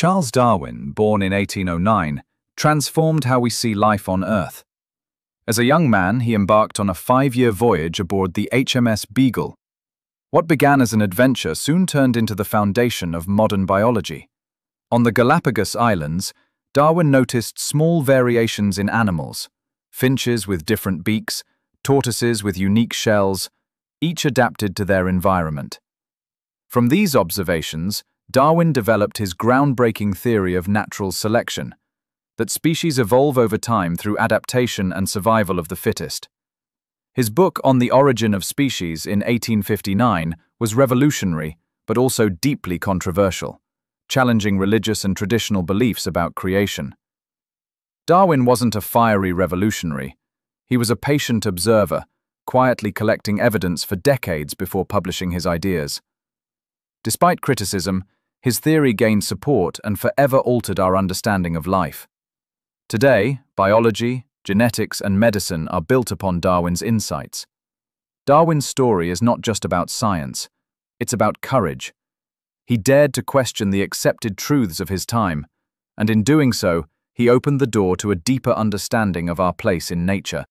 Charles Darwin, born in 1809, transformed how we see life on Earth. As a young man, he embarked on a five-year voyage aboard the HMS Beagle. What began as an adventure soon turned into the foundation of modern biology. On the Galapagos Islands, Darwin noticed small variations in animals, finches with different beaks, tortoises with unique shells, each adapted to their environment. From these observations, Darwin developed his groundbreaking theory of natural selection, that species evolve over time through adaptation and survival of the fittest. His book On the Origin of Species in 1859 was revolutionary, but also deeply controversial, challenging religious and traditional beliefs about creation. Darwin wasn't a fiery revolutionary. He was a patient observer, quietly collecting evidence for decades before publishing his ideas. Despite criticism, his theory gained support and forever altered our understanding of life. Today, biology, genetics, and medicine are built upon Darwin's insights. Darwin's story is not just about science, it's about courage. He dared to question the accepted truths of his time, and in doing so, he opened the door to a deeper understanding of our place in nature.